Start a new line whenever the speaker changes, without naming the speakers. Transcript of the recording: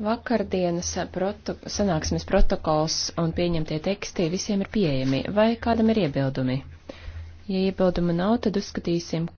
Vakardienas proto sanāksmes protokols un pieņemtie teksti visiem ir pieejami, vai kādam ir iebildumi? Ja iebildumu nav, tad uzskatīsim,